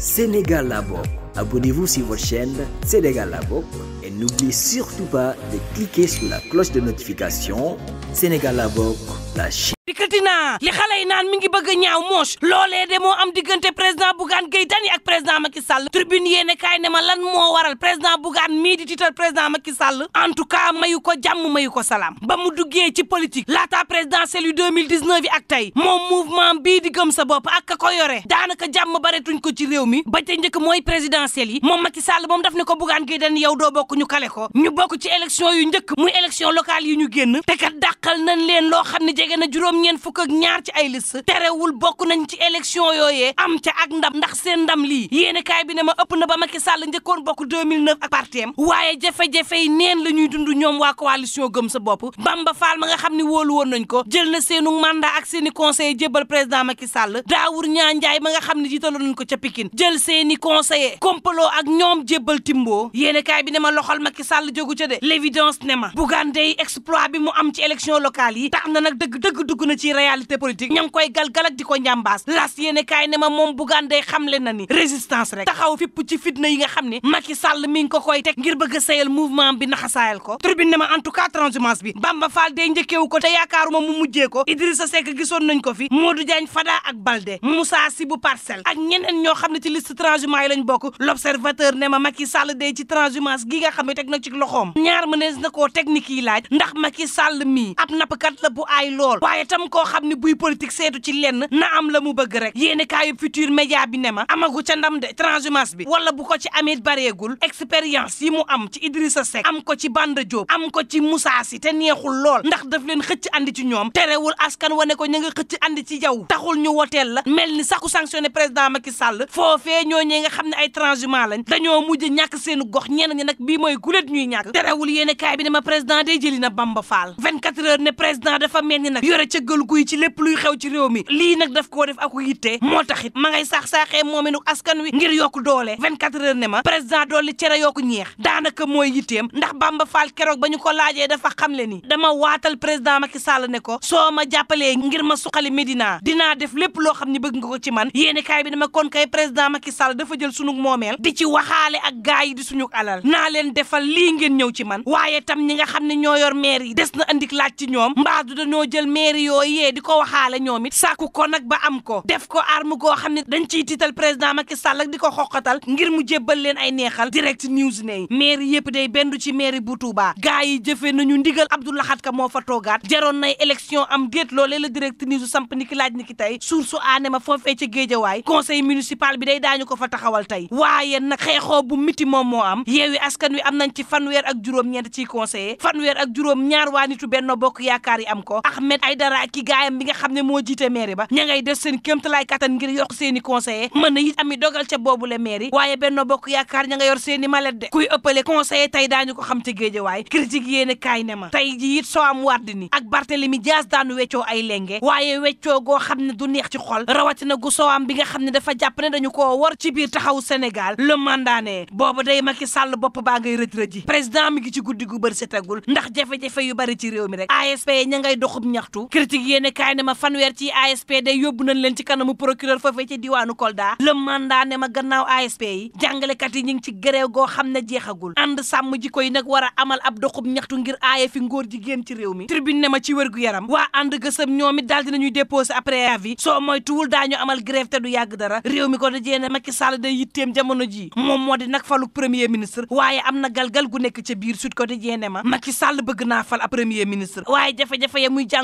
Sénégal abonnez-vous sur votre chaîne Sénégal et n'oubliez surtout pas de cliquer sur la cloche de notification Sénégal la chi. dikkati naan mi ngi bëgg ñaaw moos loolee de moo am diggante président Bougane Gueye Dany ak président Macky Sall tribune yéene kaay ne ma lan moo waral président Bougane mii di tiital président Macky Sall en tout cas mayu ko jàmm mayu ko salaam ba mu duggee ci politique laata présidentielle yu 2019 yi ak tey moom mouvement bii di gëm bopp ak ko yore daanaka jàmm baretuñ ko ci réew mi ba ca njëkk mooy présidentielle yi moom Macky Sall moom daf ne ko Bougane Gueye Dany yow doo bokk ñu kale njëkk muy élection locale yi ñu génn jege na juróom-ñeent fukk ak ñaar ci ay liste terewul bokk nañ ci élection yooyee am ca ak ndam ndax seen ndam lii yéene bi ne ma ëpp na ba Macky Sall njëkkoon bokk 2009 ak parteem waaye jafe-jafe yi neen la ñuy dund ñoom waa coalition gëm sa bopp Bamba faal ma nga xam ni wóolu woon nañ ko jël na seenu mandat ak seeni conseil jébbal président Macky Sall Daawur Ñaa Njaay ma nga xam ne jiitaloon nañ ko ca Pikine jël seeni conseiller kompaloo ak ñoom jébbal timboo yéene kaay bi ne ma loxol Macky Sall jógu ca de ne ma Bougane day exploit bi mu am ci élection locale yi tax na nag dëgg-dëgg dugg na ci réalité politique ña ngi koy galgal ak di ko njàmbaas las yéene kaay ne ma moom bugaan day xamle na ni résistance rek taxaw fipp ci fitna yi nga xam ne Macky Sall mi ko koy teg ngir bëgg a sayal mouvement bi naxasaayal ko tribune ne ma en tout cas transhumance bi Bamba Fall day njëkkeewu ko te yaakaaruma mu mujjee ko Idrissa Seck gisoon nañ ko fi Modou Diagne Fada ak Balde Moussa Si bu parcelle ak ñeneen ñoo xam ne ci liste transhumance yi lañ bokk l'observateur ne ma gi nga xam ne teg na ci lool waaye tam koo xam ne buy politique seetu ci lenn na am la mu bëgg rek yéeni kaayu futur média bi ne ma amagu ca ndam de transhumance bi wala bu ko ci amit bareegul expérience yi mu am ci Idrissa Seck am ko ci Banda Diop am ko ci Moussa Sy te neexul lool ndax daf leen xëcc andi ci ñoom terewul askan wane ko ña nga xëcc andi ci yow taxul ñu woteel la mel ni sax ku sanctionné président Macky Sall foofee ñooñee nga xam ne ay transhumant lañ dañoo mujj ñàkk seenu gox ñenn ñi nag bii mooy gulet ñuy ñooñu nag yore cëggal guy ci lépp luy xew ci réew mi lii nag daf koo def aku yittee moo taxit ma ngay saax-saaxee moominu askan wi ngir yokk doole 24 heures ne ma président doolli cere yokku ñeex daanaka mooy yitteem ndax Bamba Fall keroog ba ñu ko laajee dafa xam le ni dama waatal président Macky Sall ne ko soo ma jàppalee ngir ma suqali Médina dinaa def lépp loo xam ne bëgg nga ko ci man yéeni kaay bi dama kon kay président Macky Sall dafa jël sunu moomeel di ci waxaale ak gaay yi di suñu alal naa leen defal lii ngeen ñëw ci man waaye tam ñi nga xam ne ñoo yor maire yi des na andik laaj ci ñoom jël mairie yooyu yee di ko waxaale ñoom it sàkku ko nag ba am ko def ko arme goo xam ne dañ ciy tiital président Macky sallak di ko xoqatal ngir mu jébbal leen ay neexal direct news ne mairie yëpp day bendu ci mairie bu Touba gaa yi jëfee nañu ndigal Abdou Lahad Ka moo fa toogaat jaroon nay élection am déet loole la direct news samp ni ki laaj ni ki tey su aané ma foofee ca Géejawaay conseil municipal bi day daañu ko fa taxawal tey waaye nag xeexoo bu miti moom moo am yeewi askan wi am nañ ci fanweer ak juróom-ñeent ciy conseiller fanweer ak juróom ñaar waa nitu benn bokk yaakaar yi am ko Ahmed Aïdara ki gaayam bi nga xam ne moo jiite mairie ba ña ngay def seen kéemtalaay kattan ngir yokk seeni i conseiller mën na am ami dogal ca boobule mairie waaye Benno Bokk Yaakaar ña nga yor seen i malet de kuy ëppale conseiller tey daañu ko xam te géejawaay critique yéene kaay ne ma tey ji it soo am wàdd ni ak Barthélemy Dias daanu weccoo ay lenge waaye weccoo goo xam ne du neex ci xol rawatina gu soo am bi nga xam ne dafa jàpp ne dañu koo war ci biir taxaw Sénégal le mandaane boobu day Macky Sall bopp baa ngay rëj rëji président mi ngi ci guddi gu bër setagul ndax jafe yu bari ci réew mi rek ASP ña ngay ñaxtu critique yéene kaay ne ma fanweer ci ASP day yóbbu nañ leen ci kanamu procureur foofee ci diwaanu Kolda le mandat ne ma gannaaw ASP yi jàngalekat yi ñu ngi ci grève goo xam ne jeexagul ànd sàmm jikko yi nag war a amal ab doxub ñaxtu ngir aaye fi ngóor jigéen ci réew mi tribune ne ma ci wérgu yaram waa ànd gësëm ñoom it daal dinañuy déposé après avis soo moytuwul daañu amal grève te du yàgg dara réew mi ko dajee ne Macky Sall day yitteem jamono ji moom moo nag falu premier ministre waaye am na galgal gu nekk ca biir Sud Quotidien ne ma Macky Sall bëgg naa fal ab premier ministre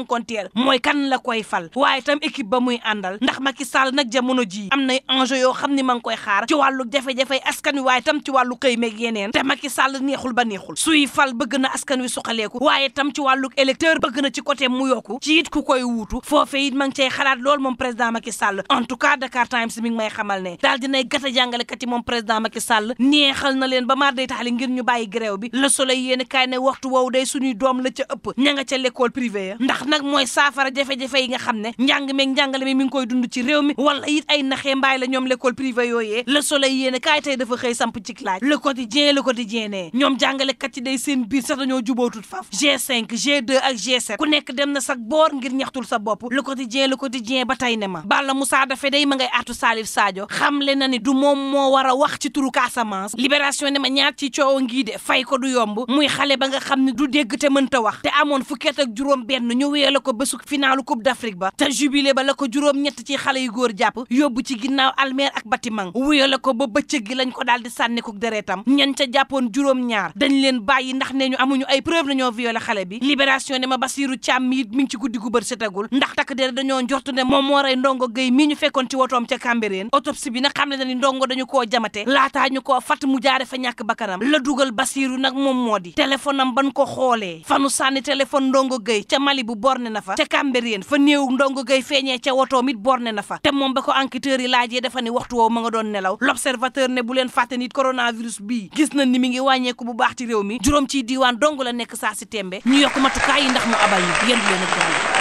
jànkonteel mooy kan la koy fal waaye tam équipe ba muy àndal ndax Macky Sall nag jamono jii am nay enjeu yoo xam ni ma ngi koy xaar ci wàllu jafe-jafey askan wi waaye tam ci wàllu xëy meeg yeneen te Macky Sall neexul ba neexul suy fal bëgg na askan wi suqaleeku waaye tam ci wàllu électeur bëgg na ci côté mu yokku ci it ku koy wuutu foofe it ma ngi cay xalaat lool moom président Macky Sall en tout cas Dakar Times mi ngi may xamal ne daal dinay gàtt jàngalekat yi moom président Macky Sall neexal na leen ba maar day taxali ngir ñu bàyyi grève bi Le Soleil yéen kaay waxtu woowu day suñuy doom la ca ëpp ña nga ca l'école privée ya nag mooy saafara jafe-jafe yi nga xam ne njàng meeg njàngale mi mi ngi koy dund ci réew mi wala it ay naxee mbaay la ñoom l'école privée yooyee le soleil yéene kaay tey dafa xëy samp ci laaj le quotidien le quotidien ne ñoom jàngalekat yi day seen biir sax ñoo jubootul faf G5 G2 ak G7 ku nekk dem na sa boor ngir ñaxtul sa bopp le quotidien le quotidien ba tey ne ma Balla Moussa Daffé day ma ngay artu Salif Sadio xamle na ni du moom moo war a wax ci turu Casamance libération ne ma ñaar ci coow ngii de fay ko du yomb muy xale ba nga xam ne du dégg te mënta wax amoon fukkeet ak juróom benn ñëw wee la ko bésu finaalu coupe d'Afrique ba te jubilé ba la ko juróom-ñett ci xale yu góor jàpp yóbbu ci ginnaaw almeer ak batimang wuyee la ko ba bëccëg gi lañ ko daal di sànni ko deretam ñan ca jàppoon juróom-ñaar dañ leen bàyyi ndax ne ñu amuñu ay preuve nañoo violé xale bi libération ne ma Basiru Càmm mi ngi ci guddi gu bër setagul ndax takk der dañoo njort ne moom moo rey ndongo géy mii ñu fekkoon ci wotoom ca Cambérène autopsie bi nag xam ne ni ndongo dañu koo jamate laataa ñu koo fat mu jaare fa ñàkk bakkanam la dugal Basiru nag moom moo di téléphone am ban ko xoolee fanu sànni téléphone ndongo géy ca Mali borne na fa ca Cambérène fa néew ndongo gay feeñee ca wotoom it borne na fa te moom ba ko enquêteurs yi laajee dafa ni waxtu woow ma nga doon nelaw l'observateur ne bu leen fàtte nit coronavirus bii gis na ni mi ngi wàññeeku bu baax ci réew mi juróom ciy diiwaan dong la nekk saa si tembe ñu yokk matukaay yi ndax mu abal yi yéen leen a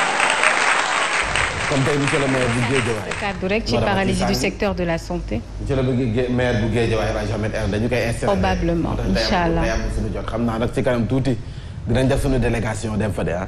comme tey monsieur le maire bu Guédiawaye. kaddu rek ci paralysie du secteur de la santé. monsieur le maire bu Guédiawaye El Hadj Ahmed Aidara dañu koy installé. probablement incha allah xam naa nag ci kanam tuuti dinañ def suñu délégation dem fa de ah.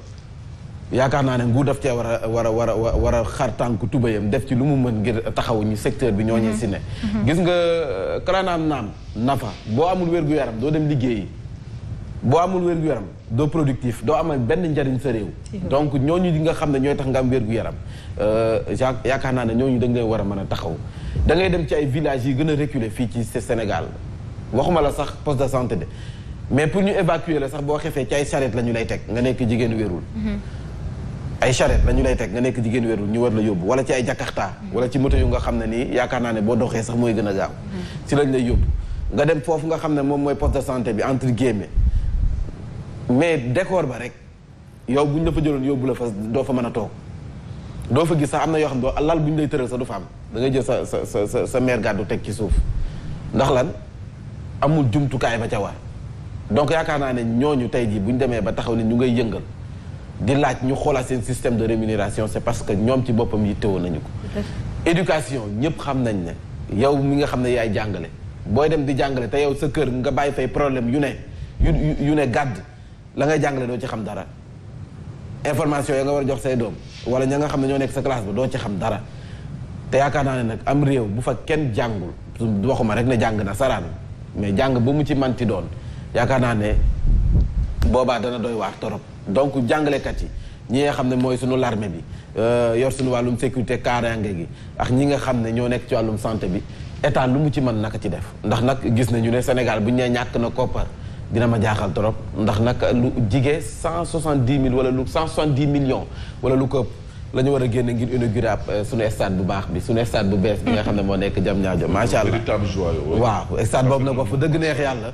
yaakaar naa ne nguur daf cee war a war a war a war a xar tànk tubéyam def ci lu mu mën ngir taxawu ñu secteur bi ñoo ñooñee si ne mm-hmm. gis nga euh, karanaam naam nafa boo amul wér-gu-yaram doo dem liggéeyi boo amul wér-gu-yaram doo productif doo amal benn njariñ sa réew donc ñoo ñu di nga xam ne ñooy tax nga am wér-gu-yaram euh, yaakaar naa ne ñooñu da ngay war a mën a taxaw da ngay dem ci ay villages yi gën a réculer fii ci Sénégal waxuma la sax poste de santé de mais pour ñu évacuer la boo xefee ci ay charrette la ñu lay teg nga nekk jigéenu wérul mm-hmm. ay charrette la ñu lay teg nga nekk jigéen wérul ñu war la yóbbu wala ci ay jakarta wala ci moto yu nga xam ne nii yaakaar naa ne boo doxee sax mooy gën a gaaw mm. ci lañ lay yóbbu nga dem foofu nga xam ne moom mooy poste de santé bi entre guillemets mais décor ba rek yow bu ñu la jëloon yóbbu la fa doo fa mën a toog doo fa gis sax am na yoo xam ne lal bu ñu lay tëral sax du fa am dangay jël sa sa sa sa sa mère gàddu teg ci suuf ndax lan amul jumtukaay ba ca donc yaakaar naa ne ñooñu tey jii bu ñu demee ba taxaw ne ñu ngay yëngal di laaj ñu xoolaat seen système de rémunération c'est parce que ñoom ci boppam yittewoo nañu ko. éducation ñëpp xam nañ ne yow mi nga xam ne yaay jàngale booy dem di jàngale te yow sa kër nga bàyyi fay problème yu ne yu yu ne gàdd la ngay jàngale doo ci xam dara. information ya nga war a jox say doom wala ña nga xam ne ñoo nekk sa classe ba doo ci xam dara te yaakaar naa ne nag am réew bu fa kenn jàngul waxuma rek ne jàng na saraan mais jàng ba mu ci manti doon yaakaar naa ne boobaa dana doy waar torop donc jàngalekat yi ñi nga xam ne mooy suñu larme bi euh, yor sunu wàllum sécurité kaarange gi ak ñi nga xam ne ñoo nekk ci wàllum santé bi état lu mu ci mën naka ci def ndax nag gis nañu ne Sénégal bu ñu nee ñàkk na koppar dina ma jaaxal trop ndax nag lu jigee cent soixante dix mille wala lu cent soixante dix millions wala lu ko la ñu war a génne ngir inauguré ab euh, sunu stade bu baax bi sunu stade bu bees bi nga xam ne moo nekk jam ñaajo macha allah waaw stade boobu na wax fa dëgg neex yàlla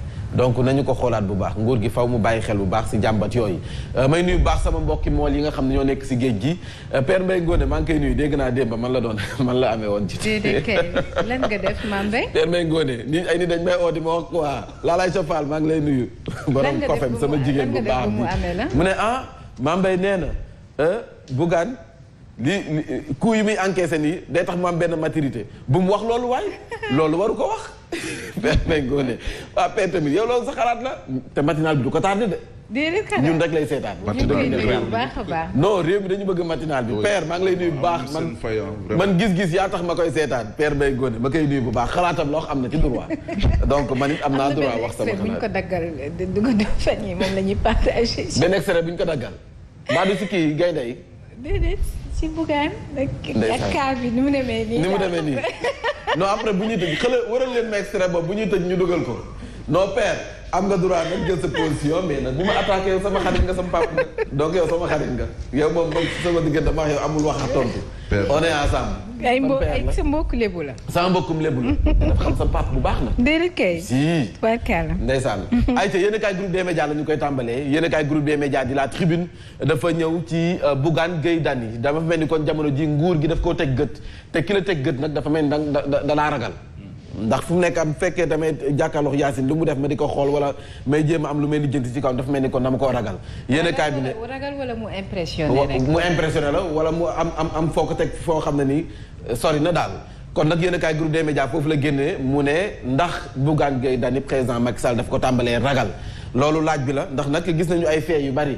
donc nañu ko xoolaat bu baax nguur gi faw mu bàyyi xel bu baax si jàmbat yooyu euh, may nuyu bu baax sama mbokki mool yi nga xam ne ñoo nekk si géej gi euh, Père Mbaye Ngone maa ngi nuyu dégg naa démb man la doon man la amee woon ci lan nga def Mame Mbaye Père Mbaye Ngone ni ay ni dañ may oo di ma wax quoi laalaay sopaal maa ngi lay nuyu borom kofem sama jigéen bu baax bi mu ne ah Mame Mbaye nee na euh, Bougane li coût yi muy encaissé nii day tax mu am benn maturité bu mu wax loolu waay loolu waru ko wax père Mengone waaw père tamit yow loolu sa xalaat la te matinal bi du ko tardé de ñun rek lay seetaan non réew mi dañu bëgg matinal bi père maa ngi lay nuyu bu baax man man gis-gis yaa tax ma koy seetaan père Mbaye Ngoné ma bu baax xalaatam loo am na ci droit donc man it am naa droit wax sama xalaat bu ñu ko daggal du ko def fan yi moom la ñuy partagé benn extrait bu ñu ko daggal maa du si gaynde yi si Bougane. ak kaa bi ni mu demee nii. ni mu demee nii non après bu ñuy tëj xale waral leen ma extrait boobu bu ñuy tëj ñu dugal ko. non père am nga droit nag jël sa position mais nag bu ma attaqué yow sama xarit nga sama papa nga donc yow sama xarit nga yow moom moom sama diggante ma yow amul wax a tontu. on est ensemble. ay mbokk ay sa mbokku lébu la. sama mbokkum lébu la. xam sa pap bu baax na. déedéet kay. si barkaala. ndeysaan. ayca yéen a kaay groupe des médias la ñu koy tàmbalee yéen a kaay groupe des médias di la tribune dafa ñëw ci euh, Bougane Gueye Dany dafa mel ni kon jamono ji nguur gi daf koo teg gët te ki la teg gët nag dafa mel ni da da da laa ragal. ndax fu mu nekk am fekkee tamit jàkkaarloog yaasin lu mu def ma di ko xool wala may jéem am lu may lijjanti ci kaw dafa mel ni kon dama koo ragal yéen kaay bi ne ragal wala mu impressionné mu impressionné la wala mu am am am foo ko teg foo xam ne nii euh, sori na daal kon nag yéen a kaay groupe des médias foofu la génne mu ne ndax Bougane Gueye Dany président Macky Sall daf ko tàmbalee ragal loolu laaj bi la ndax nag gis nañu ay fee yu bari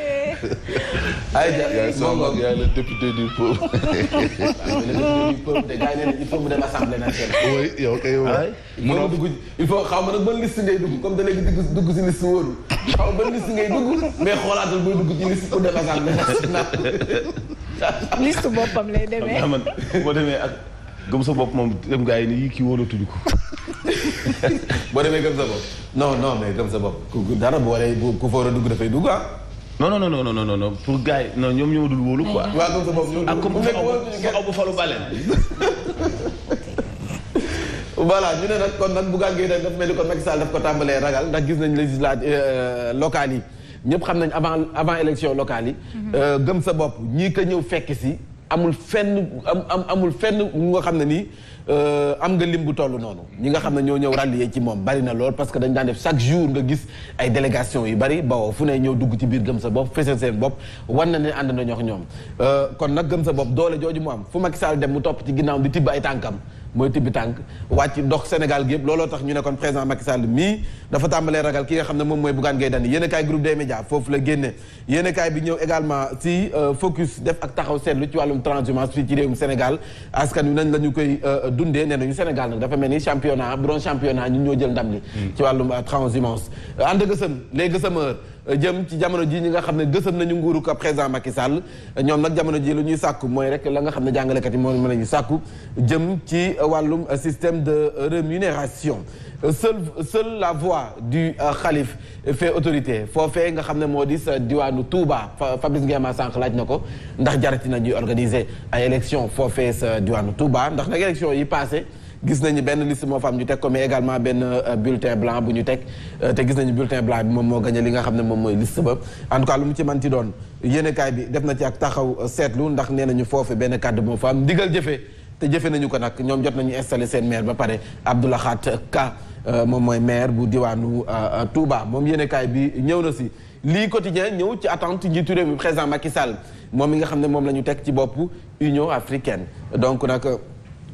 ayja moom yaa ngi le député du peuple. waaw le du peuple de gars yi ne il faut mu dem assemblée nationale. oui yow kay waay. munoo dugg il faut xaw ma nag ban liste ngay dugg comme da léegi dugg si liste wóorul. xaw ma ban liste ngay dugg mais xoolaatal booy dugg ci liste pour dem assemblée nationale. boppam lay demee. xam ak gëm sa bopp moom dem gars yi ne yii kii wóolatuñu ko. boo demee gëm sa bopp. non non mais gëm sa bopp. ku boo lay foora dugg dafay dugg ah. non non non non non non pour gars yi ñoo dul wóolu quoi. waaw donc boobu ñoo ah, dul wóolu bu fekkee aw bu ne nag kon nag Bougane Gueye daf mel ni kon Macky Sall ko tàmbalee ragal ndax gis nañ législative euh, locales ñëpp xam nañ avant avant élection locale mhm. euh, sa bopp ñii ko ñëw fekk si amul fenn amul fenn ñu nga xam ne nii. Euh, am nga lim bu toll noonu ñi nga xam ne ñoo ñëw rallier ci moom bari na lool parce que dañ daan def chaque jour nga gis ay délégation yu bari bawoo fu ne ñëw dugg ci biir gëm sa bopp fësal seen bopp wan na ne ànd na ñox ñoom euh, kon nag gëm sa bopp doole jooju mu am fu Macky Sall dem mu topp ci ginnaaw di tibb ay tànkam mooy tibbi tànk wàcc dox Sénégal gi yëpp looloo tax ñu ne kon président Macky Sall mii dafa tàmbalee ragal ki nga xam ne moom mooy Bougane Gueye Dany yéen a kaay groupe des a kaay euh, seetlu ci wàllum transhumance fii ci réewum Sénégal askan wi nañ dundee nee nañu Sénégal nag dafa mel ni championnat bronze championnat ñu ñoo jël ndam li hmm. ci wàllum transhumance ànd gësëm les gësëmeurs jëm ci jamono ji ñi nga xam ne gësëm nañu nguuru ko président Macky Sall ñoom nag jamono ji lu ñuy sàkku mooy rek la nga xam ne jàngalekat yi moom la ñuy sàkku jëm ci wàllum système de rémunération seul seul la voix du xalif euh, fait autorité foofee nga xam ne moo di sa diwaanu Touba Fabrice Nguema sànq laaj na ko ndax jarati na ñuy organiser ay élection foofee sa diwaanu Touba ndax nag élection yi passé gis nañu ben liste mo fa ñu tek ko mais également ben bulletin blanc bu ñu tek euh, té gis nañu bulletin blanc bi mom mo gagné li nga xamné mom moy liste ba en tout cas lu mu ci manti doon yéenekaay bi def na ci ak taxaw euh, setlu ndax nee fofu ben cadre mo moo fa jëfé té jëfé nañu ko nak ñom jot nañu installer sen maire ba paré pare khat Ka mom moy maire bu diwanu Touba moom yéenekaay bi ñëw na ci li quotidien ñëw ci attente ñi touré mi président Macky Sall mom mi nga xamné mom lañu tek ci bop Union africaine donc nak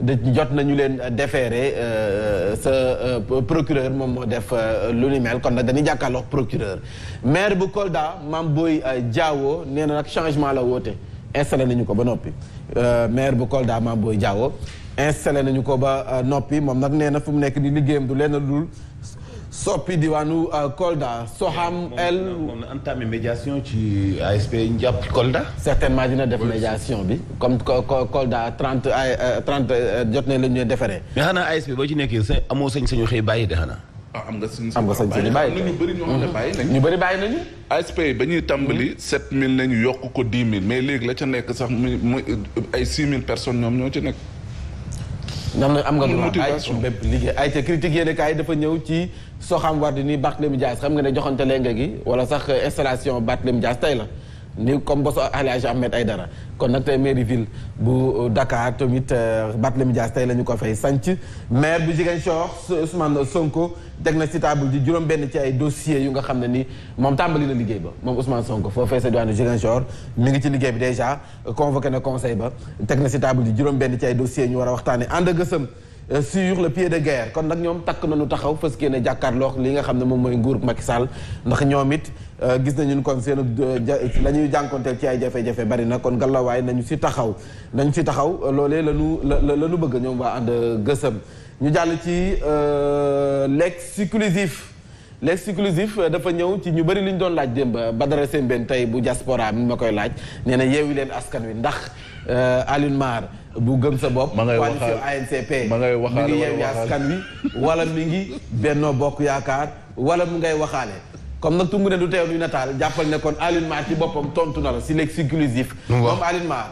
da jot nañu leen déféré sa euh, euh, procureur moom moo def euh, lu ni mel kon nag dañuy jàkkaarloog procureur maire bu Kolda maam booy Diao nee na nag changement la woote installé nañu ko ba noppi maire bu Kolda Mame booy jaawo installé nañu ko ba noppi moom nag nee na fu mu nekk ni liggéeyam du leen a dul soppi diwaanu euh, Kolda Soham El. moom na entamé médiation ci ASP Ndiap Kolda. certainement dina def médiation bi comme Kolda 30 ay 30 euh, euh, jot nañ la ñu defaree. mais xanaa ASP boo ci nekkee sa amoo sañ-sañu xëy bàyyi de xanaa. Ah, am nga suñ am nga sañ sañu bàyyi ñu bëri ñoo xam ne mhm. bàyyi nañu. ñu bëri bàyyi nañu. ASP ba ñuy tàmbali. 7000 mhm. nañu yokk ko 10 000 mais léegi la ca nekk sax muy muy ay 6 000 personnes ñoom ñoo ci nekk. am na am nga motivation bépp liggéey ay ca critique yéen kaay dafa ñëw ci Soham Wardini Barthélémy Dias xam nga ne joxante lenge gi wala sax installation Barthélémy Dias tey la ni comme bosu Alhaji Ahmed dara kon nag tey mairie ville bu euh, Dakar tamit euh, Barthélémy Dias tey la ñu ko fay sanc maire bu Ziguinchor Ousmane Sonko teg na ci table ji juróom benn ci ay dossiers yu nga xam ne ni moom tàmbali na liggéey ba moom Ousmane Sonko foo fee sa diwaanu Ziguinchor mi ngi ci liggéey bi déjà convoqué na conseil ba teg na ci table juróom benn ci ay dossiers ñu war a waxtaane ànd ak Euh, sur le pied de guerre kon nag ñoom takk nañu taxaw fas yéene jàkkaarloo li nga xam ne moom mooy nguur Macky Sall ndax ñoom it euh, gis nañu kon seen euh, la ñuy jànkonteel ci ay jafe-jafe bari na kon gàllawaay nañu si taxaw nañu si taxaw loole la ñu la la ñu bëgg ñoom waa ànd gësëm ñu jàll ci l'exclusif l'exclusif euh, dafa ñëw ci ñu bëri li doon laaj démb euh, Badara Sembène tey bu diaspora mi ma koy laaj nee na yeewi leen askan wi ndax euh, Alioune bu gëm sa bopp. ma ngay waxaal ANCP ngay waxaal mi ngi wala mi ngi Benno Bokk Yaakaar wala mu ngay waxaale. comme nag tungu ne du teew du nataal jàppal ne kon Alioune Mar ci boppam tontu na la si l'exclusif. moom Alioune Mar.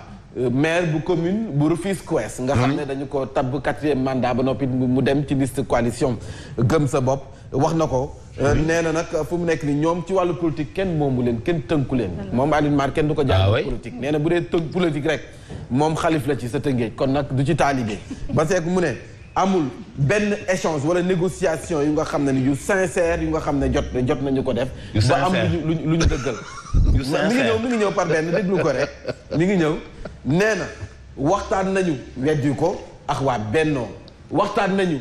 maire bu commune bu Rufisque Ouest nga xam ne dañu ko tabb quatrième mandat ba noppi mu dem ci liste coalition gëm sa bopp. wax na ko. Euh, nee na nag fu mu nekk nii ñoom ci wàllu politique kenn moom mu leen kenn tënku leen. moom Alioune Mar kenn du ko jàngal ah politique. nee na bu dee tënk politique rek moom xalif la ci sa tëngeej kon nag du ci taalibe ba seek mu ne amul benn échange wala négociation yu nga xam ne yu sincère yu nga xam ne jot jot nañu ko def. ba am lu ñu lu ñu dëggal. mi ngi ñëw mi ngi ñëw par benn déglu ko rek mi ngi ñëw nee na waxtaan nañu weddi ko ak waa bennoo waxtaan nañu.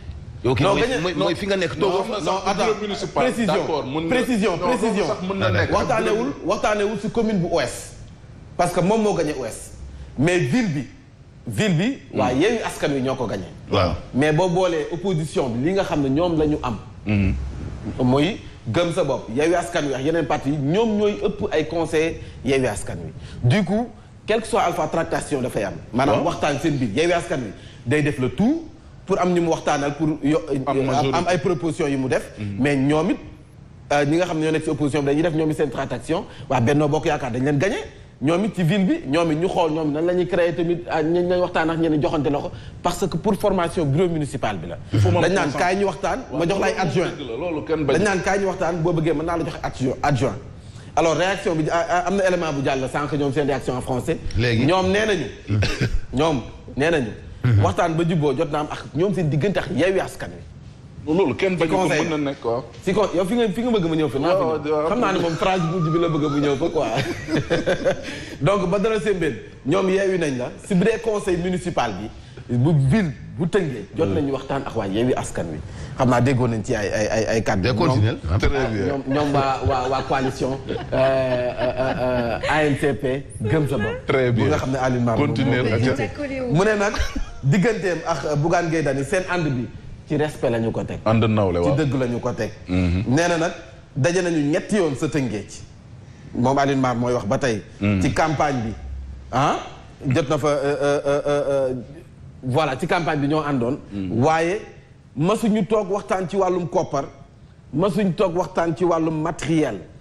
Non, précision précision précision commune ouest parce que moi, gagné ouest mais ville bi il y a eu askan qui a gagné mais opposition li nga xam ne hmm. sa askan a eu parti du coup quel que soit alpha tractation de am maanaam il y a eu askan day def le tout pour am ñu mu waxtaanal pour euh, am ay propositions yu mu def mhm. mais ñomit euh, ñi nga xam ne ñoo nekk ci opposition dañuy def ñoom it seen transaction Benno Bokk Yaakaar dañ leen gagné ñomit ci ville bi ñomit ñu xool ñoom nan lañuy créer tamit ah, ñi lañ waxtaan ak ñene joxante la parce que pour formation bureau municipal bi la dañ naan kay ñu waxtan ma jox la ay adjoint dañ naan kay ñu waxtan bo bëggee man na la joxe adjoint alors réaction bi ah, ah, amna élément bu jàll sank ñom sen réaction en français ñom nee nañu ñoom nee nañu Mhm. waxtaan ba jubboo jot na am ak ñoom seen diggante ak Yewwi Askan Wi. loolu kenn bañ ko mën na nekk quoi. si ko yow fi fi nga bëgg ma ñëw fi naa fi xam naa ne moom phrase bu mujj la bëgg bu ñëw fa quoi donc ba dara sembeen ñoom yeewi nañ la si bu dee conseil municipal bi bu ville bu tëngee jot mm. nañu waxtaan ak waa yeewi askan wi xam naa déggoon nañ ci ay ay ay ay kàddu ñoom ñoom waa waa waa coalition euh, euh, euh, ANCP gëm sa bopp bu nga xam ne Alioune Mar mu ne nag digganteem ak euh, Bougane Gueye seen ànd bi ci respect la ko teg. ànd nawle waaw ci dëgg la ko teg. Mhm. nee na nag daje nañu ñetti yoon sa ci moom Alioune Mar mooy wax ba tey. Mhm. ci campagne bi ah jot na fa euh, euh, voilà ci campagne bi ñoo àndoon. Mhm. waaye masuñu toog waxtaan ci wàllum koppar masuñ toog waxtaan ci wàllum matériel.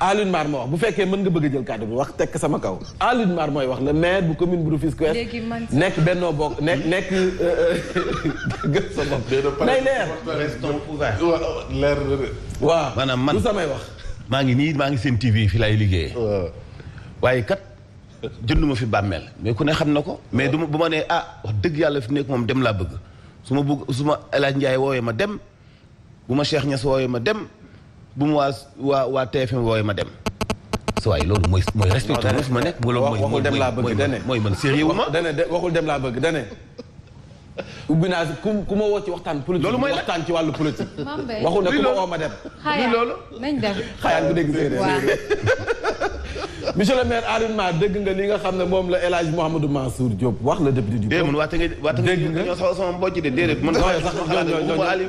Alioune Mar moo wax bu fekkee mën nga bëgg a jël kàddu bi wax tekk sama kaw Alioune Mar mooy wax le maire bu commune bu Rufisque Ouest nekk bennoo bokk nekk nekk euh, euh, gëm nay leer leer maanaam man du samay wax maa ngi nii maa ngi seen TV fi laay liggéeyee waaye kat jënduma fi bàmmeel mais ku ne xam na ko mais du ma bu ma nee ah wax dëgg yàlla fi nekk moom dem laa bëgg su ma bëgg su ma El Hadj Ndiaye woowee ma dem bu ma Cheikh Niass woowee ma dem bu mu waa waa waa TFM wooye ma dem. sa waay loolu mooy mooy respecté wu ma nekk. loolu mooy waxul dem laa bëgg dane mooy man sérieux wu ma. dane waxul dem laa bëgg dane ubbi naa ku ku ma woo ci waxtaan politique. loolu mooy waxtaan ci wàllu politique. waxul ne ku ma woo ma dem. xayaan nañ dem xayaan bu dégg séeréer monsieur le maire Alioune Mar dégg nga li nga xam ne moom la El Hadj Mouhamadou Mansour wax la député du. déedéet man waa Tëngéej waa sax sama mbojj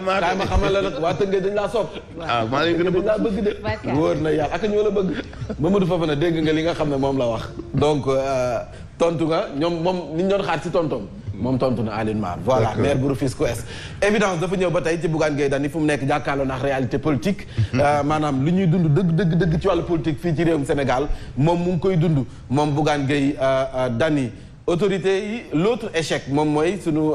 ma xamal la nag waa Tëngéej dañ laa sopp. Ah, a bëgg dañ laa bëgg de. wóor na la dégg nga li nga xam ne moom la wax. donc euh, tontu nga ñoom moom li ñu doon si ci tontoom moom tontu na Alioune Mar voilà maire bu Rufisque Ouest évidence dafa ñew ba tey ci Bougane Gueye Dany fum mu nekk jàkkaarloo ndax réalité politique mhm. euh, maanaam lu ñuy dund deug deug deug ci walu politique fi ci réewum Sénégal mom mu ngi koy dund mom Bougane Gueye euh, euh, dani autorité yi l'autre échec moom mooy sunu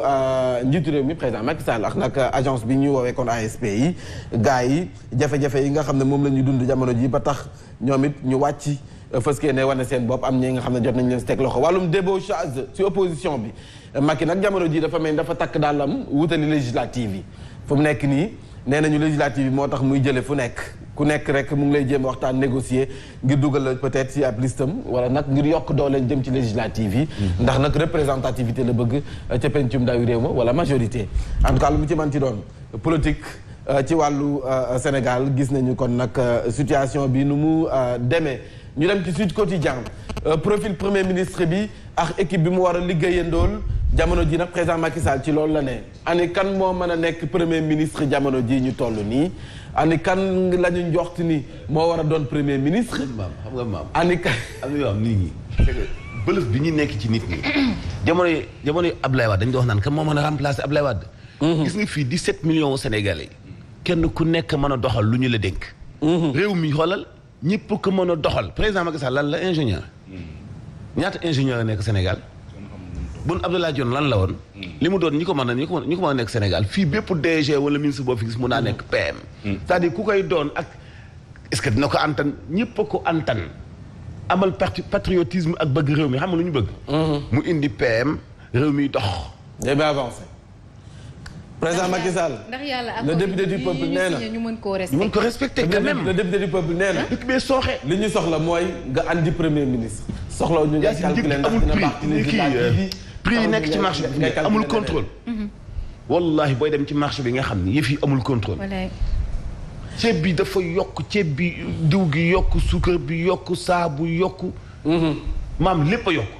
njiitu réew mi président Macky Sall ak nak agence bi ñu woowee kon ASP yi gars yi jafe-jafe yi nga xamné mom moom la dund jamono ji ba tax ñomit ñu wacc fëskee né wane sen bop am ñi nga xamné jot nañ leen si loxo walum débauchage ci opposition bi Macky nag jamono ji dafa mel dafa takk dàllam wutali législative yi fu mu nekk nii nee nañu législative yi moo tax muy jële fu nekk ku nekk rek mu ngi lay jéem waxtaan négocier ngir dugal la peut-être ci ab listam wala nag ngir yokk dooleen jëm ci législative yi hmm. ndax nag représentativité la bëgg euh, ca pencum ndawi réew ma wala majorité en tout cas lu mu ci man ci doon politique euh, ci wàllu euh, Sénégal gis nañu kon nag situation bi nu mu demee ñu dem ci Sud Quotidien euh, profil premier ministre bi ak équipe bi mu war a liggéeyandool jamono ji nag présent Macky Sall ci loolu la ne ani kan moo mën a nekk premier ministre jamono ji ñu toll nii ani kan la ñu njoxt ni moo war a doon premier ministre. maam xam nga maam. ani kan am na nit ñi. bëlëf bi ñu nekk ci nit ñi. jamono yi jamono yi Ablaye Wade dañu doon wax naan kan moo mën a remplacer Ablaye Wade. Mm-hmm. gis nga fii 17 millions Sénégalais. kenn ku nekk mën a doxal lu ñu la dénk. Mm-hmm. réew mi xoolal. ñëpp ko mën a doxal président Macky Sall lan la ingénieur ñaata ingénieur la nekk Sénégal bun Abdoulaye Dione lan la woon li mu doon ñi ko mën a ñi ko mën nekk Sénégal fii bépp DG wala ministre boo fi gis mun naa nekk peem cest à ku koy doon ak est que dina ko antan ñëpp ko antan amal patriotisme ak bëgg réew mi xam nga lu ñu bëgg mm-hmm. mu indi PM réew mi dox président Macky Sall. ndax yàlla ak le député du peuple nee na ñu mën koo respecté. mën ko respecté quand même le député du peuple nee na. dëkk bee sooxe. li ñu soxla mooy nga andi premier ministre. soxla ñu nga calculer ndax dina baax ci euh, résultat bi prix yi nekk ci marché bi amul contrôle. Mhm. wallahi booy dem ci marché bi nga xam ne yëf yi amul contrôle. ceeb bi dafa yokk ceeb bi diw gi yokk suukar bi yokk saabu yokk. Mhm. maam lépp a yokk.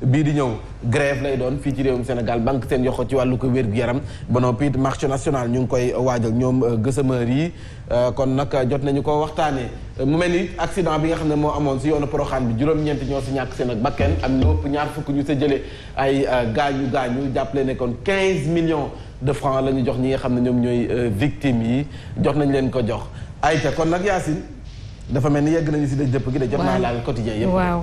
bii di ñëw grève lay doon fii ci réewum Sénégal banque seen yoxo ci wàllu ko wér-gu-yaram ba noppi it marché national ñu ngi koy waajal ñoom euh, gësameur yi euh, kon nag euh, jot nañu ko waxtaanee mu mel ni accident bi nga xam ne moo amoon si yoonu Poroxaan bi juróom-ñeenti ñoo si ñàkk seen ak bakken am ñëpp ñaar fukk ñu sa jëlee ay gaañu gaañu jàppale ne kon 15 millions de francs la ñu jox ñi nga xam ne ñoom ñooy victimes yi jox nañ leen ko jox ayca kon nag Yacine dafa mel ni yegg nañu si dëj dëpp gi de jot naa